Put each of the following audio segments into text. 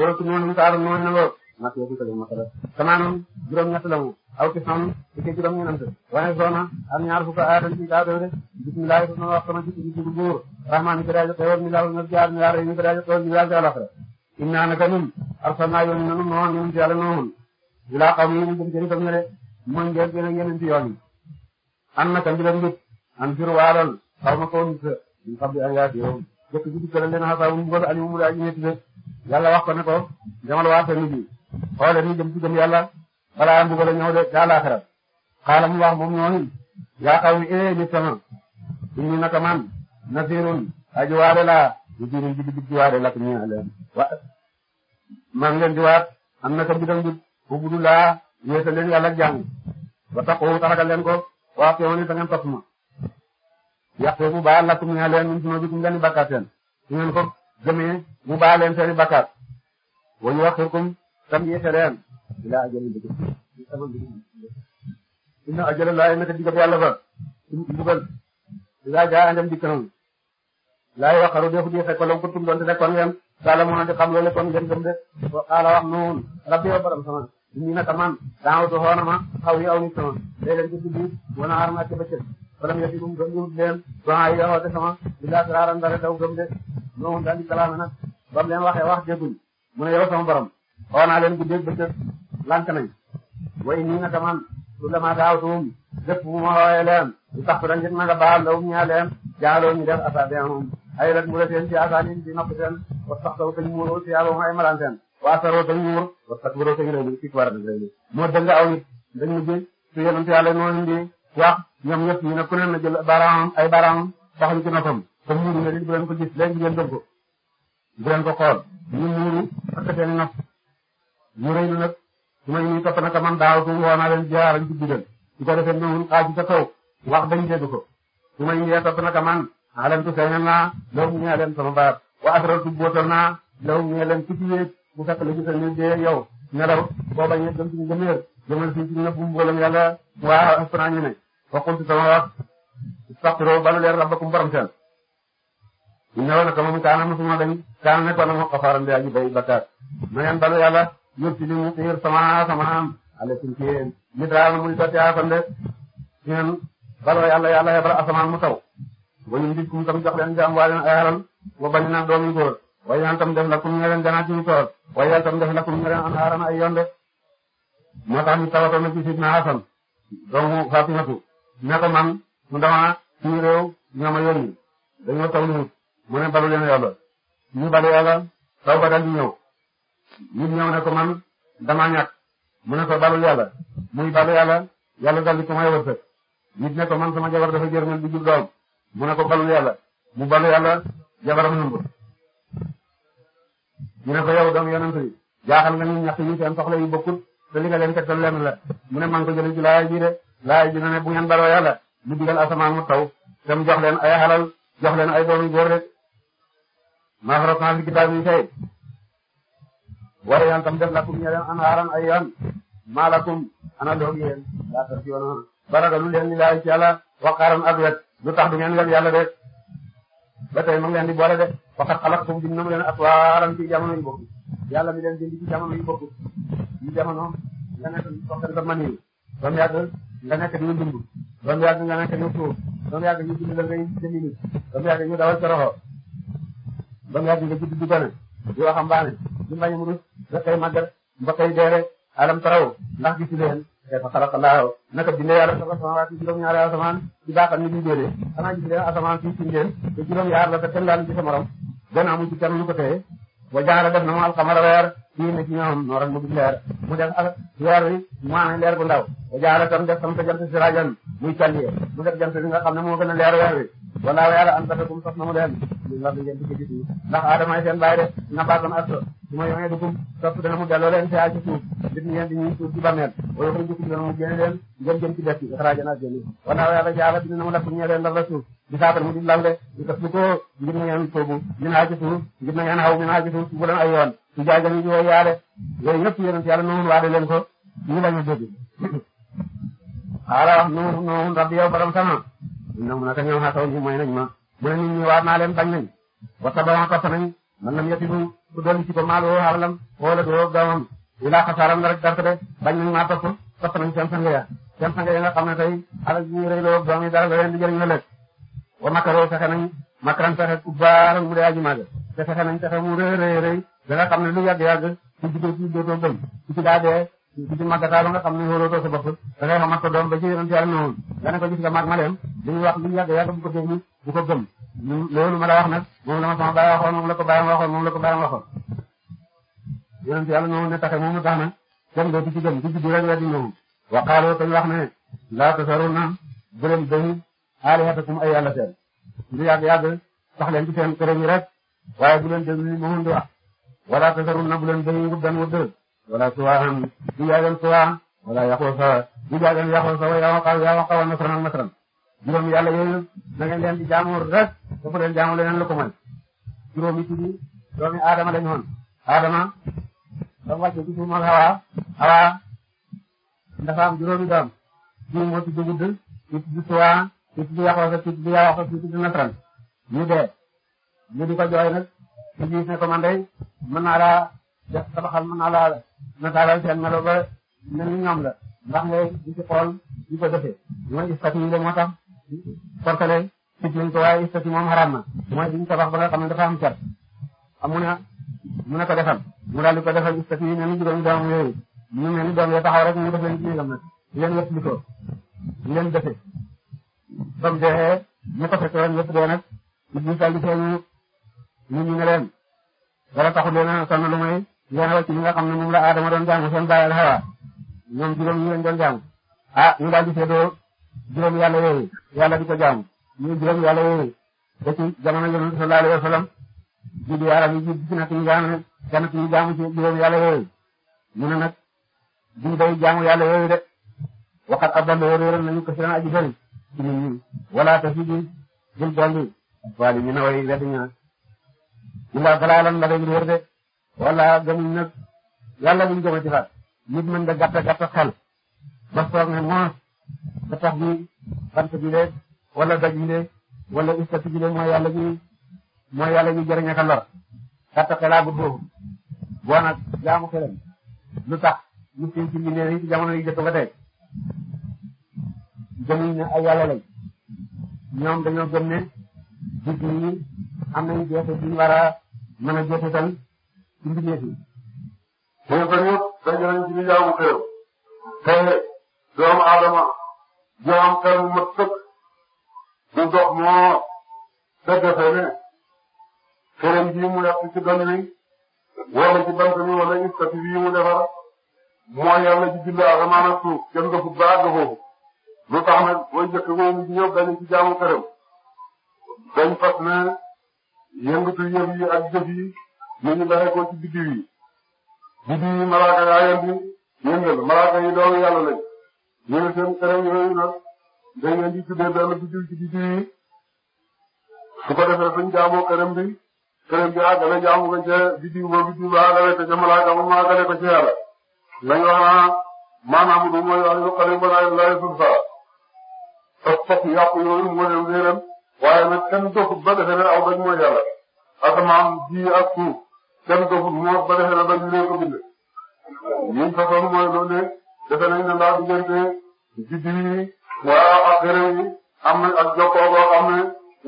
koo ci noonu Musa Aaron noonu na ngoog ma seetlu ko de masala tamaanam juróom-ñett la mu aw ci xam ci juróom-ñeent wane zona ak ñaar fukk aatan ci daa doore bismillah sama wax sama ci ci buur rahmaan ko daajo xewal mi laal na jaar mi laal ko daajo xewal mi laal jaal akhra inna naka nun arsalna yoon nanu noon yoon ci yàlla noonu ila qawmi ñu jëm jëri kam ne mooy ngeen gën a ngeen ci yoon yi an naka mbilam nit an fir waalal xaw ma ko nit ñu xam bi an yaati yow jëkk ji dikkale leen xasaabu mbugal alimu mu daa ji metti yàlla wax ko ne ko demal waar sa nit yi xoole ni jëm ci jëm yàlla balaa mbugal a ñëw de ca wax moom ñooñu yaa xaw ee eh, nit sama inni naka man nasirun aji waade laa di ji di waade lak ñeex leen maa ngi leen di waat am naka bidam bi ubudu laa yeesal leen yàlla jàng wa taqu taragal leen ko waa teewani ta ngeen topp ma yàqee bu baax lak ñeex leen min kum leen bakkaat seen ko gëmee mu baal leen seeni bakkaat wa yuakhirkum tam yéexe leen ila ajalin bi inna ajala laa naka digab yàlla ba mbugal ila jaa andem dikkanam laay waxaru defu di xekko lam kuntum doonte nekkoon ngeen sala mu na di xam loolu kon ngeen gëm wa qaala wax nuun rabbi wa sama inni naka man daawatu xoona ma xaw yi aw nit sama day leen ci guddi wana aram ak ci bëccëg falam yati um gëm leen doxa yi xoote sama ila siraran dara daw gëm de ñoom daal di kalaame nag leen waxee wax dégguñ mu ne yow sama borom xaw naa leen guddeeg bëccëg lànk nañ way nii naka man su daawtuum lépp ma xoolee leen tax da ngeen naka baal la wu ñu leen jaaloo ñu def ay la seen ci asaanin ci nopp seen wax sax taw te ñu muuroo si yàlla ay malaan seen waa saroo te ñu muur bi réew moo dëng aw nit dañ mujj su yonent yàlla moo indi wax ñoom ñëpp ñu ne ku ne na jël baaraamam ay baaraamam saxuñ ci noppam te muur nga ni bu leen ko gis léegi ngeen dëgg bu leen ko xool ñu muuru ak seen nopp ñu rëy na nag su ma daaw tu woo naa leen jaar ñu ci digal su ko defee ñëwul xaaju sa kaw wax dañ dégg ko su ma ñuy topp nag man alantu feeñal naa law ñee leen sama baat wa asrartu bootal naa law ñee leen ku ci wéet bu fekk la gisal ñu dee yow nelaw boo bañee dem suñu gëmeer jëmal fii ci nëpp mboolem yàlla waaw askanaa ñu ne waxul ci sama wax saxtiroo balu leer rabbakum borom innahu naka moom kaana mosuma dañ kaana na moom xafaaran di aji bay bakkaar ma ngeen balu yàlla yëpp si mu xiir sama sama am alekum ci yéen mitraal muy sotti kon de ngeen baloo yàlla yàlla yabal asamaan mu taw wañun gis kum tam jox leen jaam waa leen wa bañ doomi góor way tam def la kum ñeleen ganaa ci ñu tam def la kum ñeleen an aaran ay de moo tax ñu tawatoon na ci sidna Hasan doomu Fatimatu ne ko man mu ne balu leen mu ñu taw ba dal di ñëw nit ñëw ne ko man dama mu ne ko balu yàlla muy balu yàlla yàlla dal di ko may wërsëg nit ne ko man sama jabar dafa jërmel di doom mu ne ko balu yàlla mu balu yàlla jabaram nëmb ñu ne ko yow doom yonent yi jaaxal nga ñu ñax yi seen soxla yi bokkut te li nga leen tegtal la mu ne man ko jëlee ci laay ji de laay ji ne bu ngeen baroo mu digal asamaan taw te mu ay xalal jox ay doomi góor rek maa farratnaa fil kitaabi min shay' waaye yàlla tam def lakum ñeleen anhaaran ay maa lakum ana loog yéen laa tarji'uun baragalu leen lillaahi ci yàlla waqaaran ak wet lu tax du ngeen wet yàlla de ba tey mu ngi leen di boole de waqad xalaqakum bind na mu leen atwaaran ci jamono yu bokk yàlla mi leen bind ci jamono yu bokk ci jamono nga nekk soxal sa ba mu yàgg nga nekk di dund ba mu yàgg nga nekk di suuf ba mu yàgg ñu bind la ngay jëmini ba mu yàgg ba mu yàgg ba judd di gone di waxambaane ba koy dee rek alam taraw ndax gisu leen kayfa xalaqa Allahu naka bindee yàlla sab'a samaawaati juróom-ñaari asamaan ci baaxam ni ñu déedee xanaa gis leen asamaan fii suñu leen te juróom-ñaar la te def na mu alxamara weer fii ne ci ñoom nooran mu gis mu def al weer wi mu amee leer bu ndaw wa jaara tam def tam sa jant siraajan muy callier mu def jant bi nga xam ne moo gën a leer weer wi walaaw yàlla an batakum sos na mu leen min ardi ngeen dugg ci suuf ndax Adama ay seen bàyyi de nabaatan asto su ma yonee dugum sopp dana mu delloo leen ca ci suuf dit ngeen di ñuy suuf ci bàmmeel wala ko jukkum dana mu génne leen ngeen jëm ci def ci xaraajan ak génne walaaw yàlla jaala dina na mu lakkum ñee leen lal la suuf di saatal mu di de di ko ko ngir na ngeen toobu min aa ci suuf ngir na ngeen xaw min aa ci suuf bu leen yoon su jaajan yi yooyu yaale yooyu yëpp yonent yàlla noonu waade leen ko ñu lañu dégg xaala wax noonu noonu ñoom naka ñoom xasaw ñu mooy nañ ma mu ne nit ñi waar naa leen bañ nañ wasa ba topp nañ man lam yetidu ku dolli ci ko maalo xawalam wala doo doomam ilaa xasaaram rek dara de bañ nañ maa topp topp nañ seen sang ya seen sang ya nga xam ne tey alal ñu rëy loo doom yi dara la leen di jëriñ ëllëg wa makaroo fexe nañ makaran fexe ku baaran mu dee aji màgg te fexe nañ fexe mu rëy rëy da nga xam ne lu yàgg yàgg su jigéen ci dootoo bañ su ci daa dee ci màggataay ba nga xam ne wóorootoo sa bopp dangay xamat ko doom ba ci yonent yàlla noonu nga ne ko gis nga mag ma leen li ñu wax li ñu yàgg yàgg ko déglu bu ko gëm loolu ma la wax nag moom la ma sama baay waxoon moom la ko baayam waxoon moom la ko baayam waxoon na kenn dootu ci gëm di juddu rek weddi noonu waqaaloo kañ wax ne laa tasaruna bu leen bayi aalihatakum ay yàlla seen lu yàgg yàgg leen ci seen kërëm yi rek waaye bu leen déglu li ma mën di wax wala tasaruna bu leen bayi ngubdan wudd wala suwaaxan di jaagan suwaaxan wala yaxoosa di jaagan yaxoosa wa yawaqa yawaqa wa nasran ak nasran juróom yàlla yooyu na ngeen la di jaamu rek dafa leen jaamu leneen lu ko mën juróomi tuddi doomi aadama lañu woon aadama ba mu wàcce ci suuf moom xawaa xawaa dafa am juróomi doom ci moo tuddu gudd ci jooy nag ñu gis ne ko man day def tabaxal mën naa na taalal seen melo ba mel ni ñoom la ndax ngay di ci xool di ko defee mooy istat moo tax portale sit lañ ko waaye istat na mooy diñu tabax ba nga xam dafa am cat amu mu ne ko defal mu daal di ko defal istat yi mel ni juróomi doomam yooyu ñu mel ni doom yoo taxaw rek ñu def leen ci néegam nag leen yëpp li ko leen defee ba mu dee ñu ko fekkee woon yëpp dee nag Iblis daal di feeñu nit ñi leen dara taxul leen a sonn lu leeralal ci li nga xam moom la Adama doon jaamu seen baay ak Hawa ñoom juróom yi doon jaamu ah ñu daal di seddoo juróom yàlla yooyu yàlla di ko jaamu yi ji ci nag ñu jaamu nag ñu jaamu ci juróom yàlla yooyu ñu ne nag de waxat abdal yooyu yoroon nañu ko aji bëri ci nit ñi wala te si biir way wet ñaar ñu balaa la day wér de. wala gëmuñ nag yàlla buñ gëm a ci faat nit mën nga gàtt gàtt xel ba soog ne moos ba tax bi bant bi de wala daj bi de wala ustati bi de mooy yàlla ji mooy yàlla ji jëriñ jaamu xelam lu tax ñu ci mbindeef yi ci jamono yi jëkk ba tey gëmuñ ne ay yàlla lañ ñoom dañoo gëm am nañu jeexit yu ñu war a mën a ci mbindeef yi. kéefar yëpp daje nañ ci njaamu xew te doomu aadama bu am xel mu mat sëkk mu dox moo fekkese ne xelam bii mu yàq ci gan wi wala ci bant bi wala istati bii mu defar mooy yàlla ci bind asamaan ak suuf kenn dofut ba àgg foofu lu tax nag mooy njëkk boobu ñu ñëw dañu ci jaamu xew dañ fas ne yëngatu yëf yi ak jëf yi. mu ngi ko ci biddiw yi biddiw yaa leen di yëngal yi doomu yàlla lañ seen xereñ yooyu nag dañ leen di tuddee benn ci biddiw yi su ko defee suñ jaamoo xereñ jaamu ko ca biddiw ba biddiw ba àggale ko malaaka ba mu àggale ko ci yàlla lañ wax naa maanaam du mooy wax lu xale ba laay laay suuf saa fas fas yàqu yooyu moo leen réeram waaye nag kenn doxut ba defee ne aw dañ mooy yàlla asamaan ji ak suuf kenn ko moo ba defee ba ñu leen ko bind. ñun façon mooy loolu ne defe nañ ne ndax diggante juddi yi waaw ak gërëm yi am na ak jokkoo boo xam ne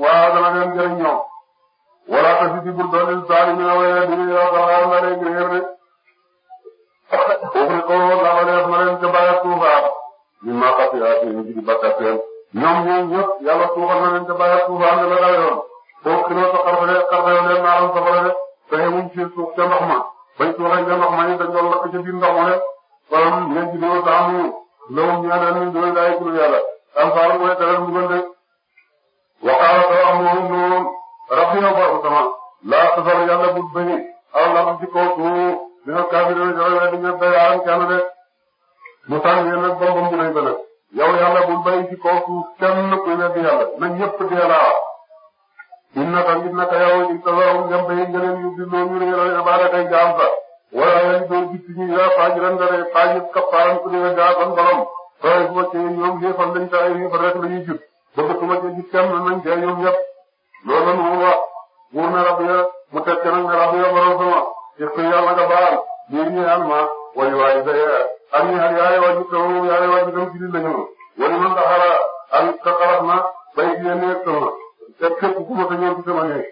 waaw dana leen jëriñ ñoom. wala te si biir doole saali mi la wéyee di nga yor saxaar nga leen gërëm rek. foofu ko dafa def ma leen ca bàyyi suufaat ñu maa fàtte yaa fi ñu di bakkat seen ñoom ñoom ñëpp yàlla suufal na leen ca bàyyi suufaat nga la dayoon. foofu kilo sa xarfe xarfe leen maaram safara rek. ci suuf ca ndox ma bañ ko waxee ca ndox ma ñu dañ doon lakk ca biir ndox ma rek kon ñeenti doo taamu lawum ñaanal ñu doon daay ku yàlla am faaru mooy teral mu gën rek waxaala ta wax moom noonu rabbina borom sama laa tasar yàlla bu bañi aw la ci kaw suuf dina kaafir dina joxe di ñëpp day aar kenn rek mu tànn yéen nag taayam ku dee gaa ban borom waaye bu ma cee ñoom ñëpp fan lañ taay ñëpp rek la ñuy jub bëgg su ma cee jub kenn nañ cee ñoom ñëpp loolu la mu wax wóor na rab ya mu teg ca nag ne rab ya borom sama yëpp yàlla nga baal lii ñu yàlla ma wala waaye day am ñu xar yaay wàññi taw yaay wàññi taw ci biir la ñu ma wala man taxara al taxarat na bay génnee sama te képp ku ma ko ñëw ci sama ñëw.